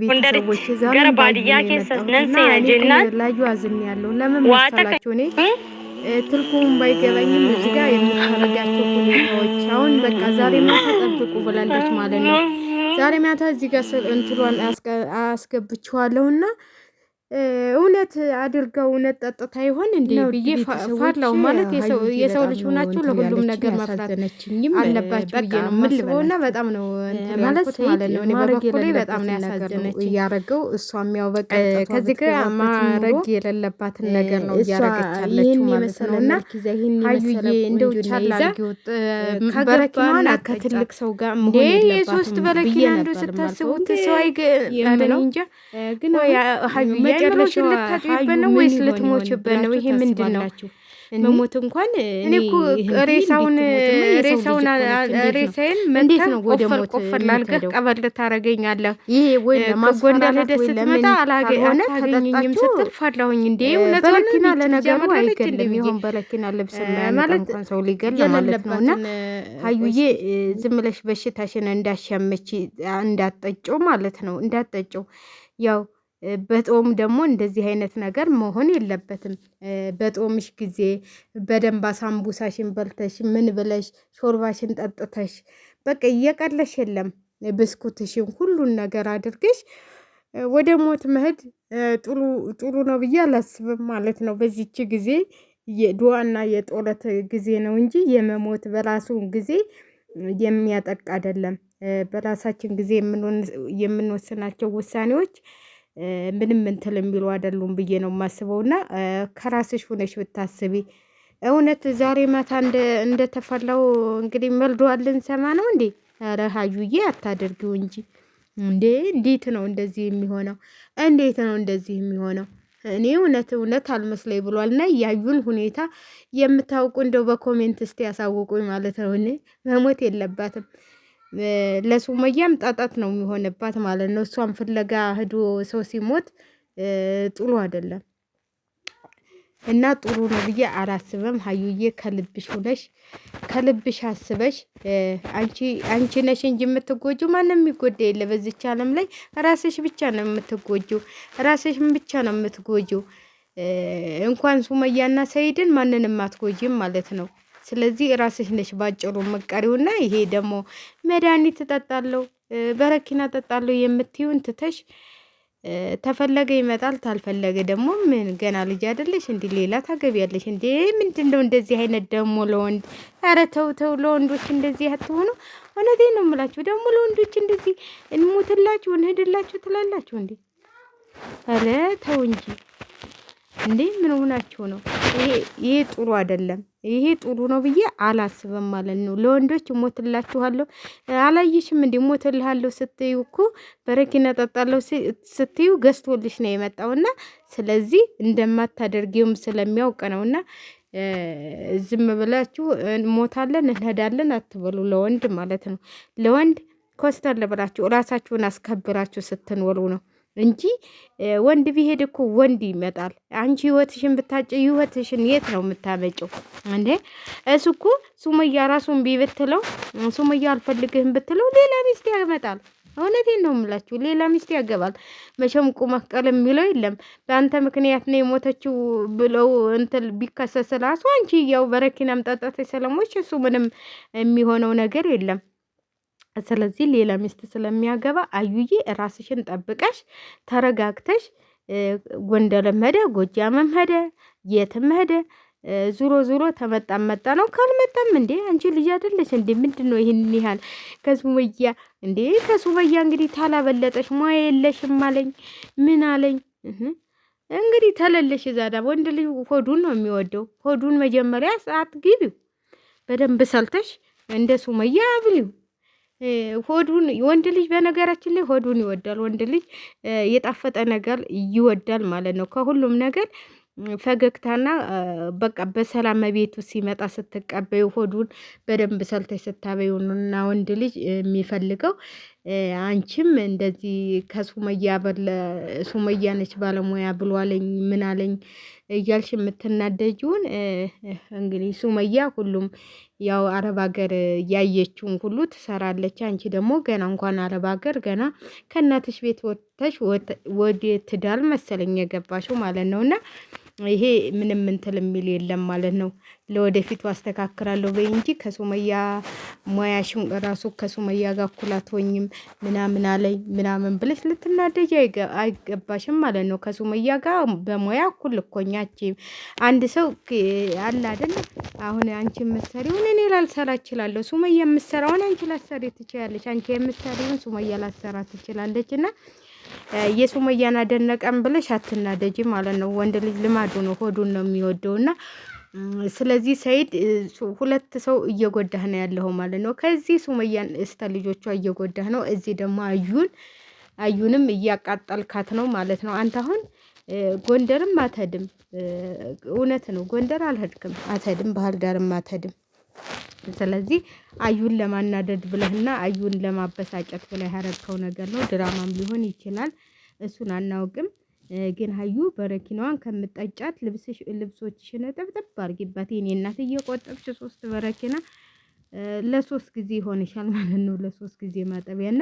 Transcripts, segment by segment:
ቤተሰቦች ዛሬ ባዲያ ከሰነንሴ ያጀና ላዩ አዝን ያለው ለምን መሰላችሁ እኔ ትርጉም ባይገባኝም እዚህ ጋር የምታረጋቸው ሁኔታዎች አሁን በቃ ዛሬ ማታ ጠብቁ ብላለች ማለት ነው። ዛሬ ማታ እዚህ ጋር እንትሏን አስገብቼዋለሁና እውነት አድርገው እውነት ጠጥታ ይሆን እንዴ ብዬ ፋላው ማለት የሰው ልጅ ሆናችሁ ለሁሉም ነገር መፍራት አለባችሁ ብዬ ነው የምልበው። እና በጣም ነው ማለት ነው በበኩሌ በጣም ነው ያሳዘነች እያረገው እሷም ያው በቃ ከዚህ ጋር ማረግ የሌለባትን ነገር ነው እያረገች ያለችው ማለት ነው። እና አዩዬ እንደው ቻላ ከበረኪማን ከትልቅ ሰው ጋር መሆን የለባትም ብዬ ነበር ማለት ነው። ግን ታውቂያለሽዋ ወይስ ልትሞችበት ነው? ይሄ ምንድን ነው? መሞት እንኳን እኔ እኮ ሬሳውን ሬሳውን ሬሳዬን እንዴት ነው ወደ ሞት ላልገህ ቀበር ልታረገኛለህ? ይሄ ወይ ጎንደር ሄደህ ስትመጣ ስትል እንዴ እውነት በለኪና ለነገሩ አይገልም በለኪና ልብስ ማለት ሰው ሊገል ማለት ነው። እና ዝም ብለሽ በሽታሽን ማለት ነው ያው በጦም ደግሞ እንደዚህ አይነት ነገር መሆን የለበትም። በጦምሽ ጊዜ በደንብ አሳምቡሳሽን በልተሽ ምን ብለሽ ሾርባሽን ጠጥተሽ በቃ እየቀለሽ የለም ብስኩትሽን ሁሉን ነገር አድርገሽ ወደ ሞት መሄድ ጥሩ ጥሩ ነው ብዬ አላስብም ማለት ነው። በዚች ጊዜ የዱዋና የጦለት ጊዜ ነው እንጂ የመሞት በራሱን ጊዜ የሚያጠቅ አይደለም። በራሳችን ጊዜ የምንወስናቸው ውሳኔዎች ምንም እንትል የሚሉ አይደሉም ብዬ ነው የማስበው። እና ከራስሽ ሁነሽ ብታስቢ እውነት ዛሬ ማታ እንደተፈላው እንግዲህ መልዶዋል ሰማ ነው እንዴ? ኧረ ሀዩዬ አታደርጊው እንጂ እንዴ! እንዴት ነው እንደዚህ የሚሆነው? እንዴት ነው እንደዚህ የሚሆነው? እኔ እውነት እውነት አልመስለኝ ብሏል። እና ያዩን ሁኔታ የምታውቁ እንደው በኮሜንት እስቲ ያሳውቁኝ ማለት ነው። እኔ መሞት የለባትም ለሱመያም ጣጣት ነው የሚሆንባት ማለት ነው። እሷም ፍለጋ ሂዶ ሰው ሲሞት ጥሩ አይደለም እና ጥሩ ነው ብዬ አላስብም። ሀዩዬ ከልብሽ ሁነሽ ከልብሽ አስበሽ አንቺ አንቺ ነሽ እንጂ የምትጎጁ ማንም የሚጎዳ የለ በዚች ዓለም ላይ ራስሽ ብቻ ነው የምትጎጁ፣ ራስሽ ብቻ ነው የምትጎጁ እንኳን ሱመያና ሰይድን ማንንም አትጎጂም ማለት ነው። ስለዚህ ራስሽ ነሽ ባጭሩ መቀሪውና ይሄ ደግሞ መድኃኒት እጠጣለሁ በረኪና እጠጣለሁ የምትይውን ትተሽ ተፈለገ ይመጣል፣ ታልፈለገ ደግሞ ምን ገና ልጅ አይደለሽ? እንዲ ሌላ ታገቢያለሽ እንዴ? ምንድን ነው እንደዚህ አይነት ደግሞ ለወንድ ኧረ ተው ተው፣ ለወንዶች እንደዚህ አትሆኑ። እውነቴን ነው የምላችሁ። ደግሞ ለወንዶች እንደዚህ እንሞትላችሁ እንሄድላችሁ ትላላችሁ እንዴ? ኧረ ተው እንጂ እንዴ! ምን ሆናችሁ ነው? ይሄ ይሄ ጥሩ አይደለም። ይሄ ጥሩ ነው ብዬ አላስብም ማለት ነው። ለወንዶች ሞትላችኋለሁ አላየሽም እንዲ ሞትልሃለሁ ስትዩ እኮ በረኪና ጠጣለሁ ስትዩ ገዝቶልሽ ነው የመጣውና ስለዚህ እንደማታደርጊውም ስለሚያውቅ ነውና ዝም ብላችሁ ሞታለን እንሄዳለን አትበሉ። ለወንድ ማለት ነው ለወንድ ኮስተር ብላችሁ እራሳችሁን አስከብራችሁ ስትንወሉ ነው። እንጂ ወንድ ቢሄድ እኮ ወንድ ይመጣል። አንቺ ህይወትሽን ብታጭ ህይወትሽን የት ነው የምታመጭው እንዴ? እሱ እኮ ሱመያ ራሱን ቢብትለው ሱመያ አልፈልግህም ብትለው ሌላ ሚስት ያመጣል። እውነቴን ነው የምላችሁ፣ ሌላ ሚስት ያገባል። መቼም ቁመቀል የሚለው የለም። በአንተ ምክንያት ነው የሞተችው ብለው እንትን ቢከሰስ ራሱ አንቺ ያው በረኪናም ጠጣተች ሰለሞች እሱ ምንም የሚሆነው ነገር የለም። ስለዚህ ሌላ ሚስት ስለሚያገባ አዩዬ ራስሽን ጠብቀሽ ተረጋግተሽ ጎንደርም ሄደ ጎጃምም ሄደ የትም ሄደ ዙሮ ዙሮ ተመጣም መጣ ነው። ካልመጣም እንዴ አንቺ ልጅ አይደለሽ እንዴ? ምንድን ነው ይህን ያህል ከሱመያ እንዴ? ከሱመያ እንግዲህ ታላበለጠሽ ሙያ የለሽም አለኝ ምን አለኝ። እንግዲህ ተለለሽ ዛዳ ወንድ ልጅ ሆዱን ነው የሚወደው። ሆዱን መጀመሪያ ሰዓት ግቢው በደንብ ሰልተሽ እንደ ሱመያ ብሊው ሆዱን ወንድ ልጅ በነገራችን ላይ ሆዱን ይወዳል። ወንድ ልጅ የጣፈጠ ነገር ይወዳል ማለት ነው። ከሁሉም ነገር ፈገግታና በቃ በሰላም ቤቱ ሲመጣ ስትቀበዩ ሆዱን በደንብ ሰልተሽ ስታበዩ ወንድ ልጅ የሚፈልገው አንቺም እንደዚህ ከሱመያ በለ ሱመያ ነች ባለሙያ ብሏለኝ ምን አለኝ እያልሽ የምትናደጂውን እንግዲህ ሱመያ ሁሉም ያው አረብ ሀገር ያየችውን ሁሉ ትሰራለች። አንቺ ደግሞ ገና እንኳን አረብ ሀገር ገና ከእናትሽ ቤት ወጥተሽ ወደ ትዳር መሰለኝ የገባሽው ማለት ነው እና ይሄ ምንም እንትል የሚል የለም ማለት ነው። ለወደፊቱ አስተካክላለሁ በይ እንጂ ከሱመያ ሙያሽም ራሱ ከሱመያ ጋር እኩል አትሆኝም ምናምን አለኝ ምናምን ብለሽ ልትናደጅ አይገባሽም ማለት ነው። ከሱመያ ጋር በሙያ እኩል እኮኛችም አንድ ሰው አለ አይደለ? አሁን አንቺ የምትሰሪውን እኔ ላልሰራ እችላለሁ። ሱመያ የምትሰራውን አንቺ ላሰሪ ትችላለች። አንቺ የምትሰሪውን ሱመያ ላሰራ ትችላለች እና የሱመያን አደነቀም ብለሽ አትናደጂ ማለት ነው። ወንድ ልጅ ልማዱ ነው፣ ሆዱን ነው የሚወደው እና ስለዚህ ሰይድ ሁለት ሰው እየጎዳህ ነው ያለው ማለት ነው። ከዚህ ሱመያን እስተ ልጆቿ እየጎዳህ ነው። እዚህ ደግሞ አዩን አዩንም እያቃጠልካት ነው ማለት ነው። አንተ አሁን ጎንደርም አትሄድም፣ እውነት ነው። ጎንደር አልሄድክም፣ አትሄድም፣ ባህር ዳርም አትሄድም። ስለዚህ አዩን ለማናደድ ብለህና አዩን ለማበሳጨት ብለህ ያረግከው ነገር ነው። ድራማም ሊሆን ይችላል። እሱን አናውቅም። ግን ሀዩ በረኪናዋን ከምጠጫት ልብሶችሽን እጥብጥብ አርጊበት የኔ እናት እየቆጠብሽ ሶስት በረኪና ለሶስት ጊዜ ይሆንሻል ማለት ነው። ለሶስት ጊዜ ማጠቢያና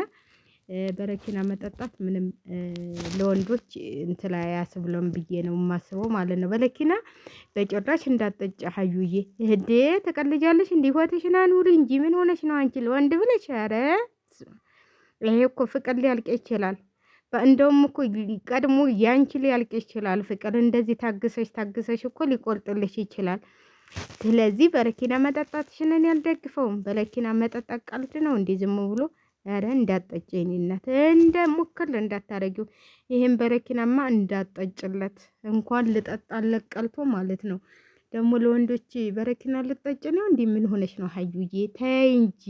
በረኪና መጠጣት ምንም ለወንዶች እንትን አያስብለውም ብዬ ነው የማስበው ማለት ነው። በረኪና በጭራሽ እንዳጠጭ ሀዩዬ እህዴ ተቀልጃለሽ። እንዲህ ሆድሽን አኑሪ እንጂ ምን ሆነሽ ነው አንቺ ለወንድ ብለሽ? ኧረ ይሄ እኮ ፍቅር ሊያልቅ ይችላል። እንደውም እኮ ቀድሞ ያንቺ ሊያልቅ ይችላል ፍቅር። እንደዚህ ታግሰሽ ታግሰሽ እኮ ሊቆርጥልሽ ይችላል። ስለዚህ በረኪና መጠጣትሽን እኔ አልደግፈውም። በረኪና መጠጣት ቀልድ ነው እንዴ ዝም ብሎ ኧረ እንዳጠጭ የኔናት እንደ ሙክል እንዳታረጊው ይሄን በረኪናማ እንዳጠጭለት እንኳን ልጠጣለት ቀልቶ ማለት ነው። ደግሞ ለወንዶች በረኪና ልጠጭ ነው እንዲህ ምን ሆነሽ ነው ሀዩዬ? ተይ እንጂ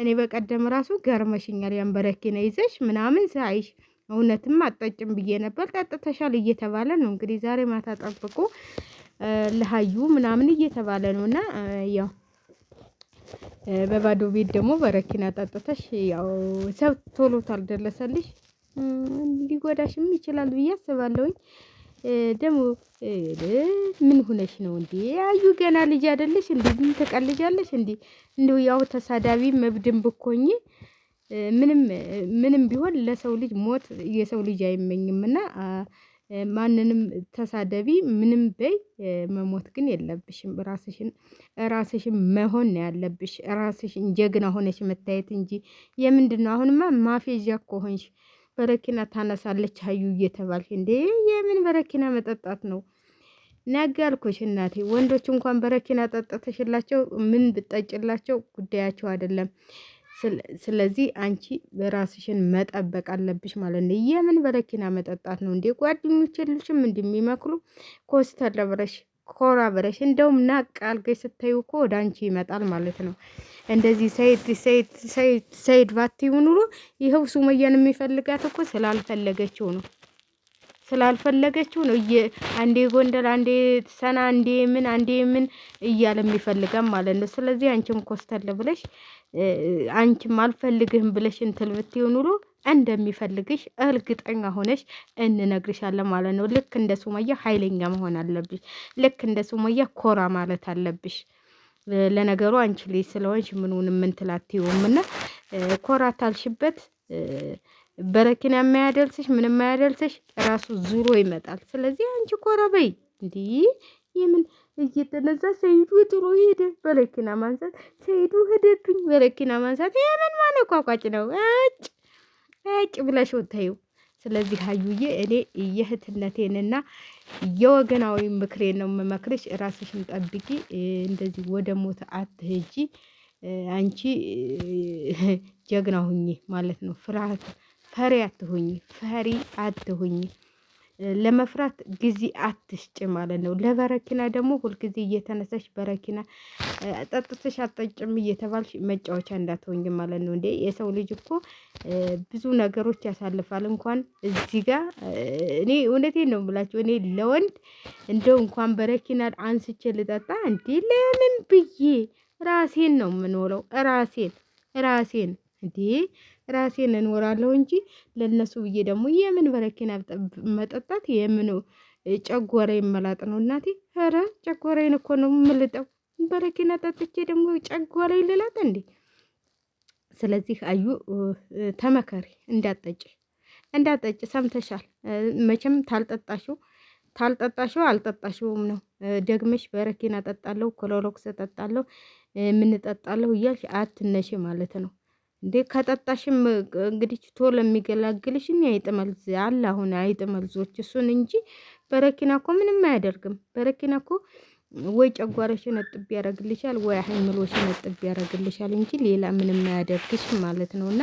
እኔ በቀደም ራሱ ገርመሽኛል። ያን በረኪና ይዘሽ ምናምን ሳይሽ እውነትም አጠጭም ብዬ ነበር። ጠጥተሻል እየተባለ ነው እንግዲህ ዛሬ ማታ ጠብቁ ለሀዩ ምናምን እየተባለ ነው እና ያው በባዶ ቤት ደግሞ በረኪና ጠጥተሽ ያው ሰው ቶሎ ካልደረሰልሽ ሊጎዳሽም ይችላል ብዬ አስባለሁኝ። ደግሞ ምን ሁነሽ ነው እንዴ? አዩ ገና ልጅ አይደለሽ እንዴ? ምን ትቀልጃለሽ እንዴ? እንደው ያው ተሳዳቢ መብድን ብኮኝ ምንም ምንም ቢሆን ለሰው ልጅ ሞት የሰው ልጅ አይመኝምና ማንንም ተሳደቢ ምንም በይ መሞት ግን የለብሽም። ራስሽን ራስሽን መሆን ያለብሽ ራስሽን ጀግና ሆነሽ መታየት እንጂ የምንድነው አሁንማ ማፌዣ እኮ ሆንሽ። በረኪና ታነሳለች አዩ እየተባልሽ እንዴ የምን በረኪና መጠጣት ነው? ነገ አልኩሽ እናቴ ወንዶች እንኳን በረኪና ጠጠተሽላቸው ምን ብጠጭላቸው ጉዳያቸው አይደለም። ስለዚህ አንቺ በራስሽን መጠበቅ አለብሽ ማለት ነው። የምን በረኪና መጠጣት ነው እንዴ? ጓደኞችልሽም እንደሚመክሩ ኮስተር ብለሽ ኮራ ብለሽ እንደውም ናቅ አልገሽ ስታዩ እኮ ወደ አንቺ ይመጣል ማለት ነው። እንደዚህ ሰይድ ሰይድ ሰይድ ሰይድ ባትይው ኑሮ ይኸው ሱመያን የሚፈልጋት እኮ ስላልፈለገችው ነው። ስላልፈለገችው ነው አንዴ ጎንደር፣ አንዴ ሰና፣ አንዴ ምን አንዴ ምን እያለ የሚፈልገም ማለት ነው። ስለዚህ አንቺም ኮስተል ብለሽ አንቺም አልፈልግህም ብለሽ እንትል ብትይው ኑሮ እንደሚፈልግሽ እርግጠኛ ሆነሽ እንነግርሻለን ማለት ነው። ልክ እንደ ሱመያ ኃይለኛ መሆን አለብሽ። ልክ እንደ ሱመያ ኮራ ማለት አለብሽ። ለነገሩ አንቺ ልጅ ስለሆንሽ ምኑን ምንትላት ይውምና ኮራ ታልሽበት በረኪን የማያደልስሽ ምንም የማያደልስሽ ራሱ ዙሮ ይመጣል። ስለዚህ አንቺ ኮረበይ እንዲህ ይምን እየተነዛ ሰይዱ ጥሩ ሄደ፣ በረኪና ማንሳት ሰይዱ ሄደብኝ፣ በረኪና ማንሳት የምን ቋቋጭ ነው? እጭ እጭ ብለሽ ወታዩ። ስለዚህ ሀዩዬ እኔ እየህትነቴንና የወገናዊ ምክሬን ነው መመክርሽ። ራስሽን ጠብቂ፣ እንደዚህ ወደ ሞት አትሄጂ። አንቺ ጀግና ሁኚ ማለት ነው ፍርሃት ፈሪ አትሁኝ፣ ፈሪ አትሁኝ። ለመፍራት ጊዜ አትስጭ ማለት ነው። ለበረኪና ደግሞ ሁልጊዜ እየተነሳሽ በረኪና ጠጥተሽ አጠጭም እየተባልሽ መጫወቻ እንዳትሆኝ ማለት ነው። እንዴ የሰው ልጅ እኮ ብዙ ነገሮች ያሳልፋል። እንኳን እዚህ ጋር እኔ እውነቴ ነው የምላችሁ። እኔ ለወንድ እንደው እንኳን በረኪና አንስቼ ልጠጣ እንዴ ለምን ብዬ ራሴን ነው የምንውለው ራሴን ራሴን እንዴ ራሴን እኖራለሁ እንጂ ለነሱ ብዬ ደግሞ የምን በረኪና መጠጣት የምን ጨጎረ መላጥ ነው እናቴ። ኧረ ጨጓራዬን እኮ ነው ምልጠው በረኪና ጠጥቼ ደግሞ ጨጎረ ልላጥ እንዴ? ስለዚህ አዩ ተመከሪ፣ እንዳጠጭ እንዳጠጭ ሰምተሻል። መቼም ታልጠጣሽው ታልጠጣሽው አልጠጣሽውም ነው ደግመሽ በረኪና ጠጣለሁ፣ ክሎሮክስ ጠጣለሁ፣ ምን ጠጣለሁ እያልሽ አትነሽ ማለት ነው። እንዴ ከጠጣሽም እንግዲህ ቶሎ የሚገላግልሽም የአይጥ መልዝ አለ። አሁን አይጥ መልዞች እሱን እንጂ በረኪና እኮ ምንም አያደርግም። በረኪና እኮ ወይ ጨጓራሽን እጥብ ያደርግልሻል፣ ወይ አህምሎሽን እጥብ ያደርግልሻል እንጂ ሌላ ምንም አያደርግሽ ማለት ነውና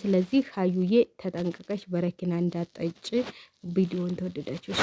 ስለዚህ ሀዩዬ ተጠንቀቀሽ፣ በረኪና እንዳጠጭ። ቪዲዮን ተወደዳችሁ